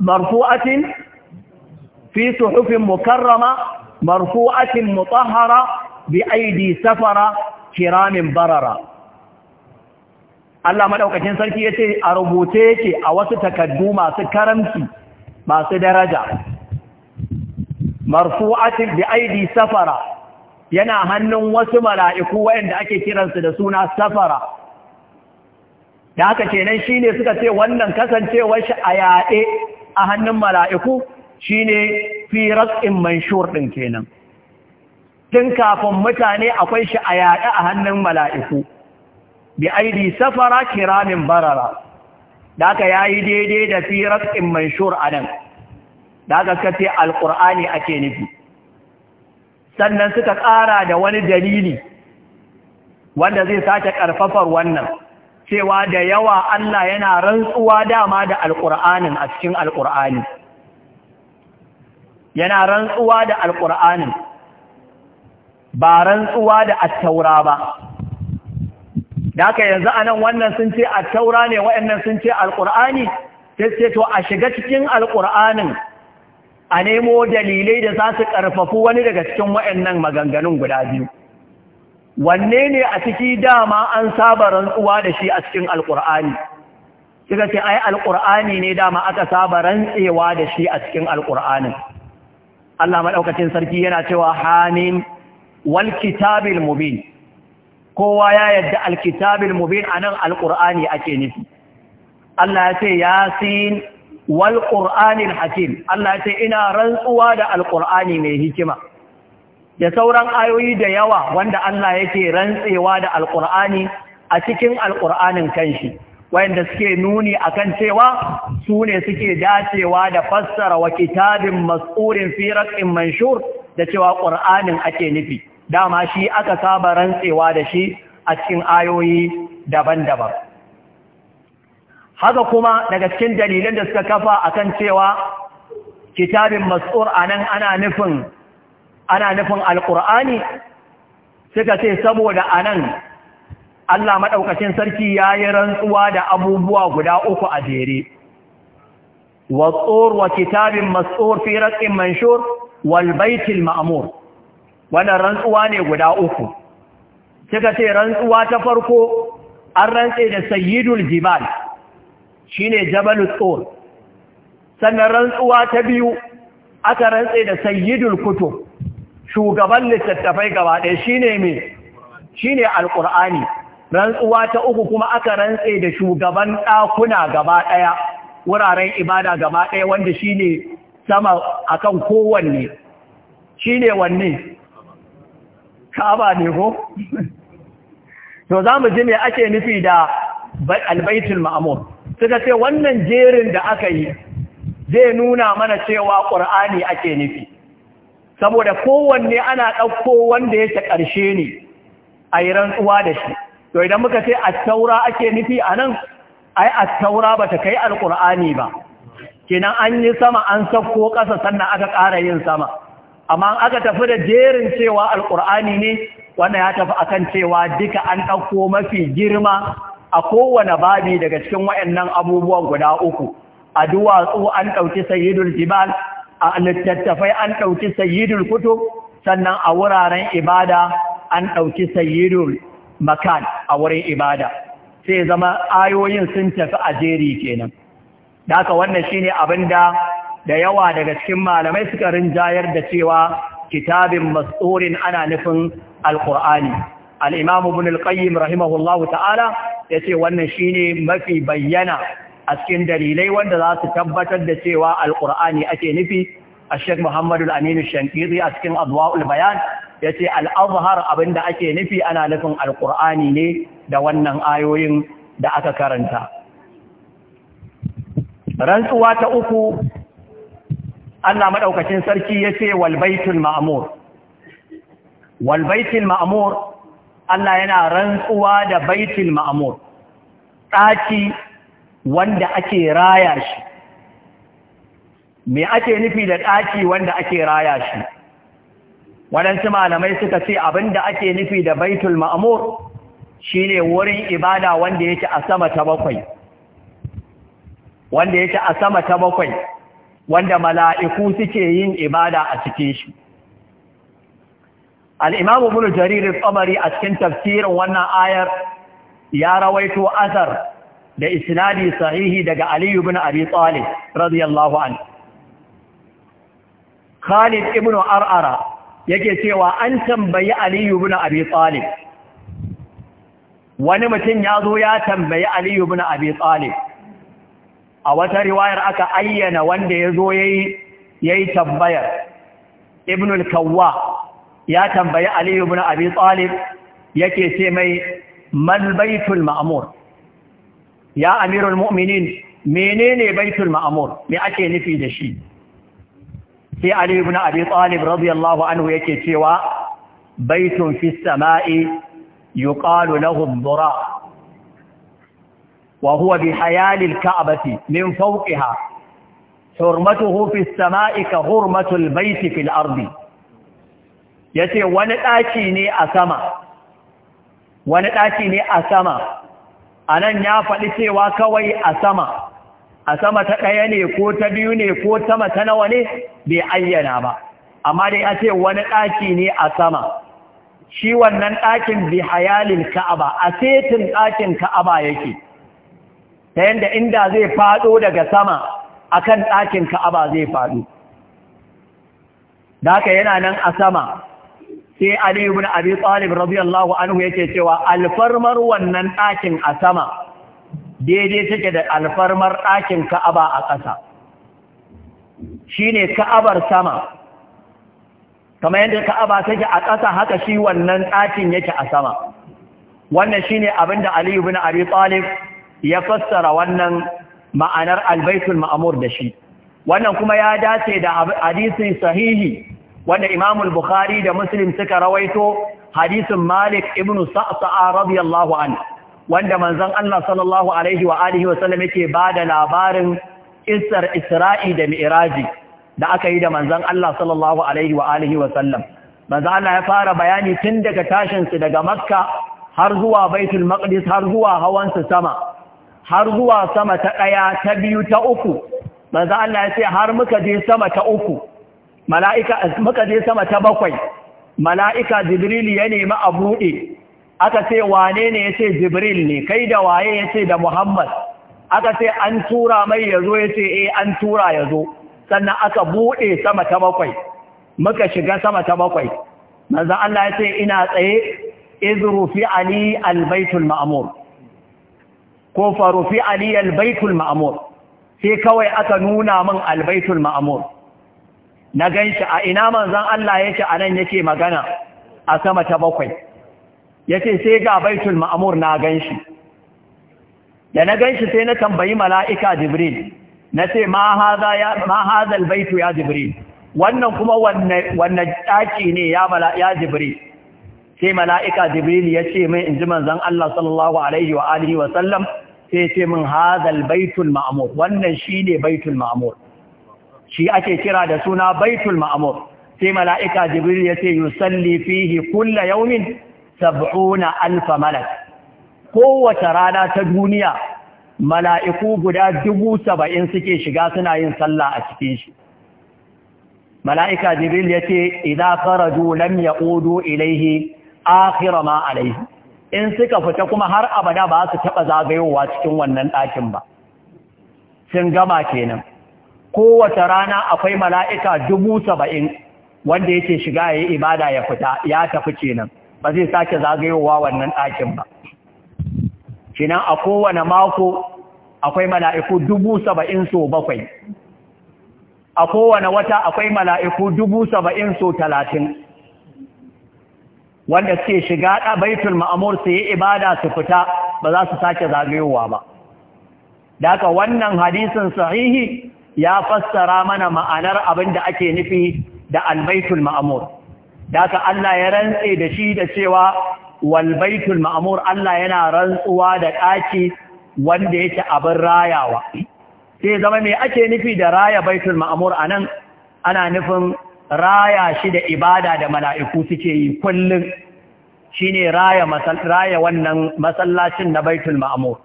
marfu'atin fi suhufin mukarrama marfu'atin mutahhara bi aidi safara kiramin barara Allah maɗaukacin sarki ya ce a rubuce yake a wasu takaddu masu karamci masu daraja marfu'atin bi aidi safara yana hannun wasu mala'iku wayanda ake kiransu da suna safara da haka kenan shine suka ce wannan kasancewar shi a yaɗe a hannun mala'iku shine fi rasin manshur ɗin kenan tun kafin mutane akwai shi a yaɗe a hannun mala'iku bi aidi safara kiramin barara da aka yayi daidai da fi rasin manshur a nan. da aka kace Alƙur'ani ake nufi sannan suka ƙara da wani dalili wanda zai sake ƙarfafar wannan cewa da yawa Allah yana rantsuwa dama da alƙur'anin a cikin alƙur'ani yana rantsuwa da alƙur'anin ba rantsuwa da attaura ba da yanzu anan wannan sun ce attaura ne waɗannan sun ce alƙur'ani sai sai to a shiga cikin alƙur'anin a nemo dalilai da za su ƙarfafu wani daga cikin wayannan maganganun guda biyu wanne ne a ciki dama an saba rantsuwa da shi a cikin alƙur'ani suka ce ai alƙur'ani ne dama aka saba rantsewa da shi a cikin alƙur'anin Allah maɗaukacin sarki yana cewa hanin wal mubin kowa ya yadda alkitabil mubin a nan alƙur'ani ake nufi Allah ya ce yasin wal qur'anil hakim Allah ya ce ina rantsuwa da Alƙur'ani mai hikima da sauran ayoyi da yawa wanda Allah yake rantsewa da Alƙur'ani a cikin kan kanshi wayanda suke nuni akan cewa su ne suke dacewa da fassara wa kitabin mas'urin fi in manshur da cewa ƙur'anin ake nufi dama shi aka saba rantsewa da shi a cikin ayoyi daban-daban haka kuma daga cikin dalilan da suka kafa a kan cewa kitabin mas'ur nan ana nufin ana nufin suka ce saboda a nan Allah maɗaukacin sarki ya yi rantsuwa da abubuwa guda uku a jere والطور kitabin مسطور في رق منشور والبيت ma'amur wannan rantsuwa ne guda uku suka ce rantsuwa ta farko an rantse da sayyidul jibal ne jabal tsor sannan rantsuwa ta biyu aka rantse da sayyidul Kutu, shugaban littattafai gaba ɗaya mai shi ne alƙur'ani rantsuwa ta uku kuma aka rantse da shugaban ɗakuna gaba ɗaya wuraren ibada gaba ɗaya wanda shine sama a kan kowanne Shi ne wanne ka'aba ne ko to za mu ji ne ake nufi da albaitul ma'amur suka ce wannan jerin da aka yi zai nuna mana cewa ƙur'ani ake nufi saboda kowanne ana ɗauko wanda yake ƙarshe ne a yi rantsuwa da shi to idan muka ce a taura ake nufi a nan ai a taura ba ta kai alƙur'ani ba kenan an yi sama an sauko ƙasa sannan aka ƙara yin sama amma aka tafi da jerin cewa alƙur'ani ne wannan ya tafi akan cewa duka an ɗauko mafi girma a kowane babi daga cikin wayannan abubuwan guda uku a duwatsu an ɗauki sayidun jibal a littattafai an ɗauki sayidun kutub sannan a wuraren ibada an ɗauki sayidul makan a wurin ibada sai zama ayoyin sun tafi a jeri kenan daka wannan shi ne abin da da yawa daga cikin malamai suka rinjayar da cewa kitabin mas'orin ana nufin alkur'ani al'imamu bin alƙayyim rahimahullahu ta'ala ya ce wannan shi ne mafi bayyana a cikin dalilai wanda za su tabbatar da cewa alƙur'ani ake nufi a shek muhammadu aminu shankiri a cikin abuwa'ul bayan ya ce al'azhar abin da ake nufi ana nufin alƙur'ani ne da wannan ayoyin da aka karanta rantsuwa ta uku allah maɗaukacin sarki ya ce walbaitul ma'amur walbaitul ma'amur Allah yana rantsuwa da baitul ma'amur ɗaki wanda ake raya shi me ake nufi da ɗaki wanda ake raya shi wadansu malamai suka ce abinda ake nufi da baitul mamur shine wurin ibada wanda yake a sama ta bakwai wanda yake a sama ta bakwai wanda mala'iku suke yin ibada a cikin shi al'imam ibn jaririn tsamari a cikin tafsirin wannan ayar ya rawaito asar da isnadi sahihi daga aliyu bin abi talib radiyallahu an khalid ibn ar'ara yake cewa an tambayi aliyu bin abi talib wani mutum ya zo ya tambayi aliyu bin abi talib a wata riwayar aka ayyana wanda ya zo ya yi tambayar ibn al-kawwa ya tambayi Ali ibn Abi Talib yake ce mai mal baitul ma'mur ya amirul mu'minin menene baitul ma'mur me ake nufi da shi sai Ali ibn Abi Talib radiyallahu anhu yake cewa baitun fis sama'i yuqalu lahu dhura wa huwa bi hayalil ka'bati min fawqiha hurmatuhu fis sama'i ka hurmatul baiti fil ardi ya ce wani ɗaki ne a sama wani ɗaki ne a sama a nan ya faɗi cewa kawai a sama a sama ta ɗaya ne ko ta biyu ne ko sama ta nawa ne bai ayyana ba amma dai ya ce wani ɗaki ne a sama shi wannan ɗakin bi hayalin ka'aba a setin ɗakin ka'aba yake ta yadda inda zai faɗo daga sama a kan ɗakin ka'aba zai faɗo da yana nan a sama sai Ali ibn Abi Talib radiyallahu anhu yake cewa alfarmar wannan ɗakin a sama daidai take da alfarmar ɗakin Ka'aba a ƙasa shine Ka'abar sama kamar yadda Ka'aba take a ƙasa haka shi wannan ɗakin yake a sama wannan shine abinda Ali ibn Abi Talib ya fassara wannan ma'anar Al-Baitul Ma'mur da shi wannan kuma ya dace da hadisi sahihi wanda Imam bukhari da Muslim suka rawaito hadisin Malik ibn Sa'sa'a radiyallahu anhu wanda manzon Allah sallallahu alaihi wa alihi wa sallam yake bada labarin isar Isra'i da Mi'raji da aka yi da manzon Allah sallallahu alaihi wa alihi wa sallam manzon Allah ya fara bayani tun daga tashin su daga Makka har zuwa Baitul Maqdis har zuwa hawan su sama har zuwa sama ta ɗaya ta biyu ta uku manzo Allah ya ce har muka je sama ta uku mala'ika muka je sama ta bakwai mala'ika jibril ya nemi a buɗe aka ce wane ne ya ce jibril ne kai da waye ya ce da muhammad aka ce an tura mai ya zo ya ce eh an tura ya zo sannan aka buɗe sama ta bakwai muka shiga sama ta bakwai manzan Allah ya ce ina tsaye izrufi ali albaitul ma'amur ko farufi ali albaitul ma'amur sai kawai aka nuna min albaitul ma'amur na gan shi a ina manzan Allah yake a nan yake magana a sama ta bakwai yake sai ga baitul ma'amur na gan shi da na gan shi sai na tambayi mala'ika jibril na ce ma hazal baitu ya jibril wannan kuma wannan ɗaki ne ya jibril sai mala'ika jibril ya ce min in ji manzan Allah sallallahu Alaihi wa alihi wasallam sai ce min hazal baitul mamur wannan shi ne baitul ma'amur shi ake kira da suna baitul ma'amur sai mala'ika jibril ya ce yusalli fihi kulla yaumin sab'una alfa malak kowace rana ta duniya mala'iku guda dubu saba'in suke shiga suna yin sallah a cikin shi mala'ika jibril ya ce idan faraju lam ya ƙudu ilaihi akira ma alaihi in suka fita kuma har abada ba su taɓa zagayowa cikin wannan ɗakin ba sun gama kenan kowace rana akwai mala'ika dubu saba'in wanda yake shiga ya yi ibada ya fita ya tafi kenan ba zai sake zagayowa wannan ɗakin ba Kinan a kowane mako akwai mala'iku dubu saba'in so bakwai a kowane wata akwai mala'iku dubu saba'in so talatin wanda suke shiga ɗabaitul ma'amur su yi ibada su fita ba za su sake zagayowa ba. Daka wannan hadisin sahihi ya fassara mana ma'anar abin da ake nufi da albaitul ma'amur Daka Allah ya rantse da shi da cewa walbaitul ma'amur Allah yana rantsuwa da ɗaki wanda yake abin rayawa sai zama mai ake nufi da raya baitul ma'amur a nan ana nufin raya shi da ibada da mala'iku suke yi kullum shine raya wannan masallacin na baitul ma'amur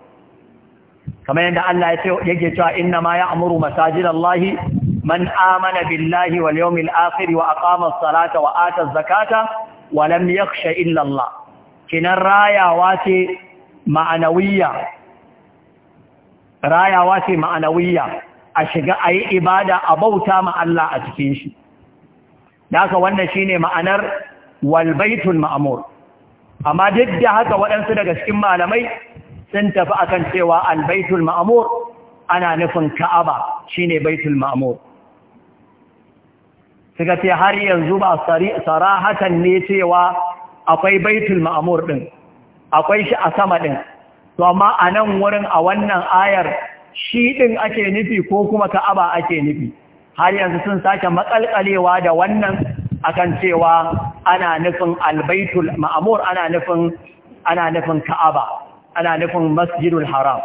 kamar yadda Allah ya ce yake cewa inna ma ya'muru masajidallahi man amana billahi wal yawmil akhir wa aqama as-salata wa ata az-zakata wa lam yakhsha illa Allah kinan rayawa ce ma'anawiyya rayawa ce a shiga ayi ibada a bauta ma Allah a cikin shi haka wannan shine ma'anar wal baitul ma'mur amma duk da haka waɗansu daga cikin malamai sun tafi a kan cewa albaitul ma'amur ana nufin ka'aba shi ne baitul ma'amur suka ce har yanzu ba sarahatan ne cewa akwai baitul ma'amur ɗin akwai shi a sama ɗin to amma a nan wurin a wannan ayar shi ɗin ake nufi ko kuma ka'aba ake nufi har yanzu sun sake maƙalƙalewa da wannan akan cewa ana nufin albaitul ma'amur ana nufin ka'aba ana nufin masjidul haram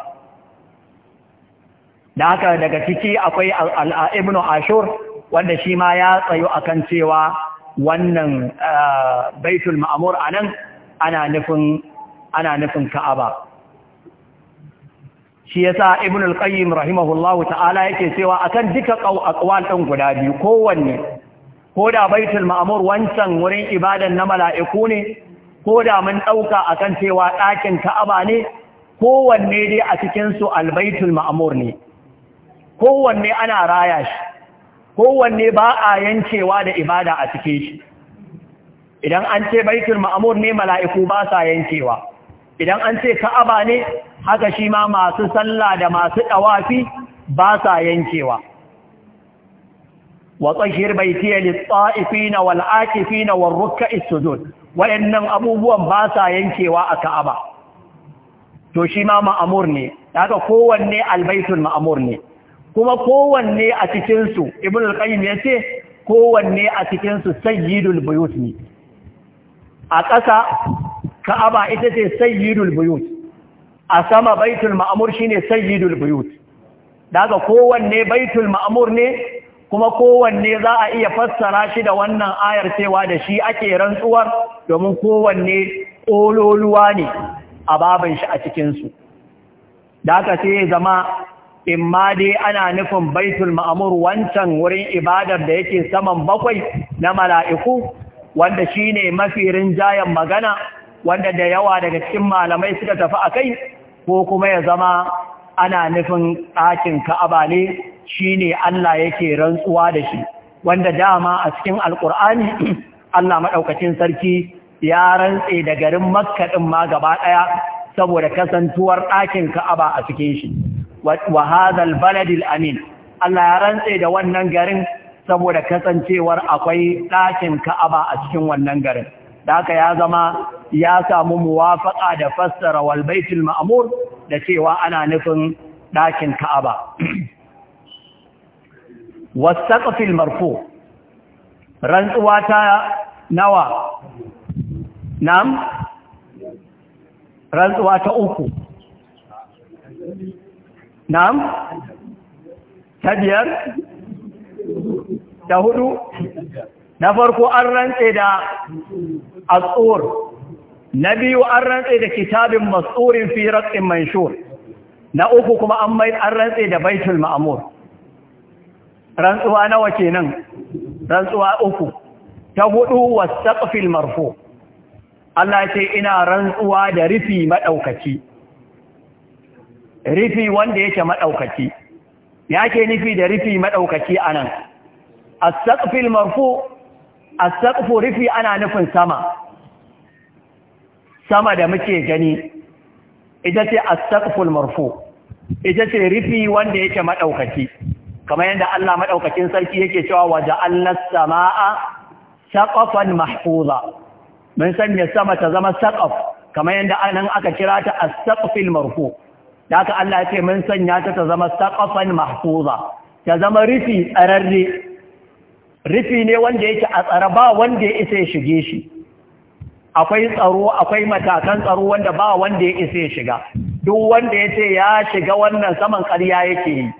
da haka daga ciki akwai ibnu ashur wanda shi ma ya tsayo akan cewa wannan baitul ma'amur anan ana nufin ana nufin ka'aba shi yasa Ibnu al-qayyim rahimahullahu ta'ala yake cewa akan duka ƙawal ɗin guda biyu kowanne ko da baitul ma'mur wancan wurin ibadan na mala'iku ne ko da mun ɗauka a kan cewa ɗakin ka'aba ne kowanne dai a cikinsu albaitul ma'amur ne kowanne ana raya shi kowanne ba a yancewa da ibada a cike shi idan an ce baitul ma'amur ne mala'iku ba sa yankewa idan an ce ka'aba ne haka shi ma masu sallah da masu ɗawafi ba sa yankewa wa tsakiyar baitiyar litsa'ifina wal'akifina warrukka sujud waɗannan abubuwan ba sa yankewa a ka'aba to shi ma ma'amur ne ka kowanne albaitul ma'amur ne kuma kowanne a cikinsu ibn al-qayyim ya ce kowanne a cikinsu sayyidul buyut ne a ƙasa ka'aba ita ce sayyidul buyut a sama baitul ma'amur shine sayyidul buyut daga kowanne baitul ma'amur ne kuma kowanne za a iya fassara shi da wannan ayar cewa da shi ake rantsuwar domin kowanne ƙololuwa ne a baban shi a cikinsu da aka sai zama in ma dai ana nufin baitul ma'amur wancan wurin ibadar da yake saman bakwai na mala'iku wanda shi ne mafi rinjayen magana wanda da yawa daga cikin malamai suka tafi a kai ko kuma ya zama ana nufin ɗakin ka'aba ne shi ne Allah yake rantsuwa da shi wanda dama a cikin Alƙur'ani Allah maɗaukacin sarki ya rantse da garin makka ma gaba ɗaya saboda kasantuwar ɗakin ka'aba a cikin shi wa baladil amin Allah ya rantse da wannan garin saboda kasancewar akwai ɗakin ka'aba a cikin wannan garin da haka ya zama ya samu muwafaƙa da fassara walbaitul ma'amur da cewa ana nufin ɗakin ka'aba wasaƙafil marfo rantsuwa ta nawa nam rantsuwa ta uku nam ta biyar ta hudu na farko an rantse da atsor na biyu an rantse da kitabin mas'urin fi ratsin manshur na uku kuma an mai an rantse da baitul ma'amur rantsuwa nawa kenan rantsuwa uku ta hudu wasaqfil marfu Allah ce ina rantsuwa da rifi madaukaki rifi wanda yake madaukaki yake nufi da rifi madaukaki anan as-saqfil marfu as-saqfu rifi ana nufin sama sama da muke gani ita ce astaqful marfu ita ce rufi wanda yake madaukaki kamar yadda Allah madaukakin sarki yake cewa waja annas samaa saqafan mahfuza mun sanya sama ta zama saqaf kamar yadda anan aka kira ta astaqfil marfu da haka Allah ce mun sanya ta ta zama saqafan mahfuza ta zama rufi tsararre rufi ne wanda yake a tsare ba wanda ya isa ya shige shi akwai tsaro akwai matakan tsaro wanda ba wanda ya isa ya shiga duk wanda ya ce ya shiga wannan saman ƙarya yake yi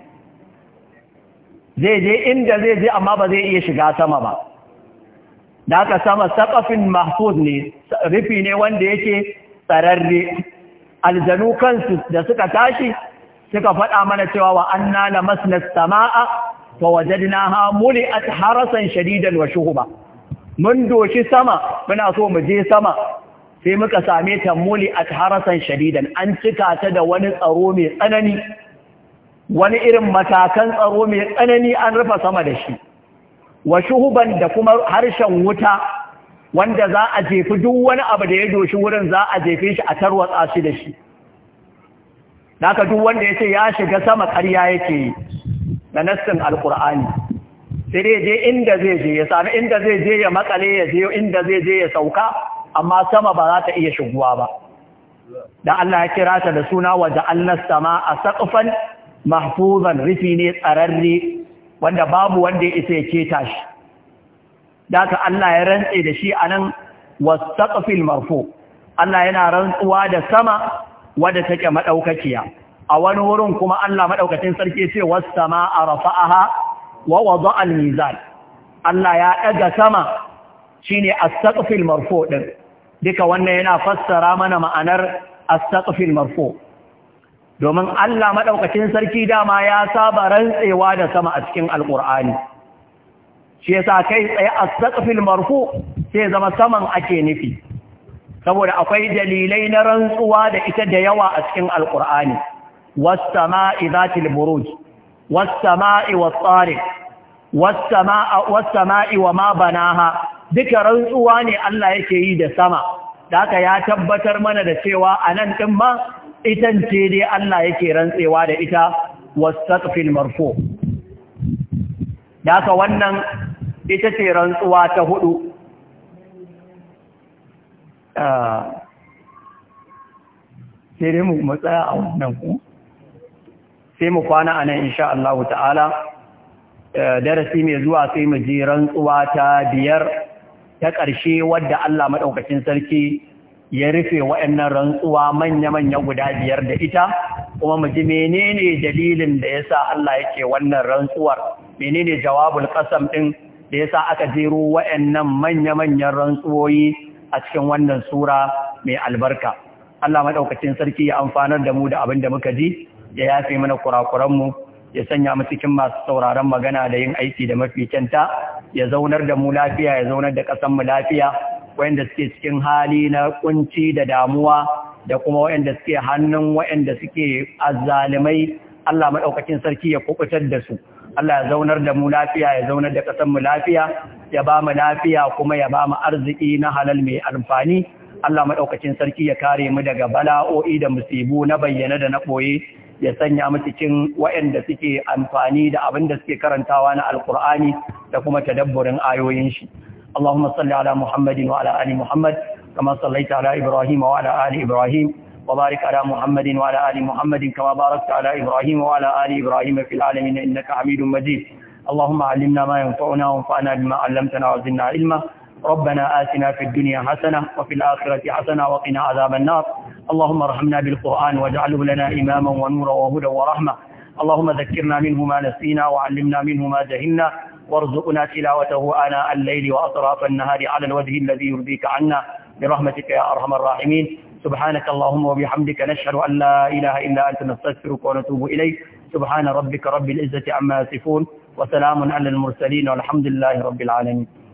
zai je inda zai je amma ba zai iya shiga sama ba da aka sama saƙafin mahfuz ne rufi ne wanda yake tsararre aljanu kansu da suka tashi suka faɗa mana cewa wa anna lamasna sama'a fa wajadnaha muli'at harasan shadidan wa shuhuba mun doshi sama muna so mu je sama sai muka same ta muli a harasan shadidan an cika ta da wani tsaro mai tsanani wani irin matakan tsaro mai tsanani an rufe sama da shi wa shuhuban da kuma harshen wuta wanda za a jefi duk wani abu da ya doshi wurin za a jefe shi a tarwatsa shi da shi Naka duk wanda ya ce ya shiga sama ƙarya yake yi da nassin alƙur'ani sai dai je inda zai je ya sami inda zai je ya makale ya je inda zai je ya sauka amma sama ba za ta iya shiguwa ba da Allah ya kira ta da suna wa ja'alna sama a saqfan mahfuzan rufi ne tsararre wanda babu wanda ya isa ya keta shi da ka Allah ya rantse da shi anan wasaqfil marfu Allah yana rantsuwa da sama wadda take madaukakiya a wani wurin kuma Allah madaukakin sarki ce was samaa rafa'aha wa wada al-mizan Allah ya ɗaga sama shine a saqfil marfo ɗin, duka wannan yana fassara mana ma'anar a saqfil marfo. domin Allah maɗaukacin sarki dama ya saba rantsewa da sama a cikin alqur'ani shi sa kai tsaye a saqfil marfu sai zama saman ake nufi saboda akwai dalilai na rantsuwa da ita da yawa a cikin alqur'ani was sama'i zatil wasama'i samai was wasama'i wa ma banaha duka rantsuwa ne Allah yake yi da sama da haka ya tabbatar mana da cewa anan din ma itan ce dai Allah yake rantsewa da ita was marfu da haka wannan ita ce rantsuwa ta hudu sai dai mu matsaya a wannan kuma sai mu kwana a nan insha Allah ta'ala eh, darasi mai zuwa sai mu ji rantsuwa ta biyar ta ƙarshe wadda Allah maɗaukacin sarki ya rufe waɗannan rantsuwa manya-manya guda biyar da ita kuma mu ji menene dalilin da ya sa Allah yake wannan rantsuwar menene jawabul ƙasam ɗin da ya sa aka jero wa'yannan manya-manyan rantsuwoyi a cikin wannan sura mai albarka. Allah maɗaukacin sarki ya amfanar da mu da abin da muka ji, ya yafe mana kurakuranmu ya sanya mu cikin masu sauraron magana da yin aiki da mafi kyanta ya zaunar da mu lafiya ya zaunar da ƙasar mu lafiya wayanda suke cikin hali na kunci da damuwa da kuma wayanda suke hannun wayanda suke azzalimai Allah madaukakin sarki ya kubutar da su Allah ya zaunar da mu lafiya ya zaunar da ƙasar mu lafiya ya ba mu lafiya kuma ya ba mu arziki na halal mai amfani Allah maɗaukacin sarki ya kare mu daga bala'o'i da musibu na bayyana da na ɓoye ya sanya mu cikin waɗanda suke amfani da abin da suke karantawa na alkur'ani da kuma tadabburin ayoyin shi Allahumma salli ala Muhammadin wa ala ali Muhammad kama sallaita ala Ibrahim wa ala ali Ibrahim wa barik ala Muhammadin wa ala ali Muhammadin kama barakta ala Ibrahim wa ala ali Ibrahim fil alamin innaka Hamidum Majid Allahumma allimna ma yanfa'una wanfa'na bima 'allamtana wa zidna ilma ربنا آتنا في الدنيا حسنة وفي الآخرة حسنة وقنا عذاب النار اللهم ارحمنا بالقرآن واجعله لنا إماما ونورا وهدى ورحمة اللهم ذكرنا منه ما نسينا وعلمنا منه ما جهلنا وارزقنا تلاوته آناء الليل وأطراف النهار على الوجه الذي يرضيك عنا برحمتك يا أرحم الراحمين سبحانك اللهم وبحمدك نشهد أن لا إله إلا أنت نستغفرك ونتوب إليك سبحان ربك رب العزة عما يصفون وسلام على المرسلين والحمد لله رب العالمين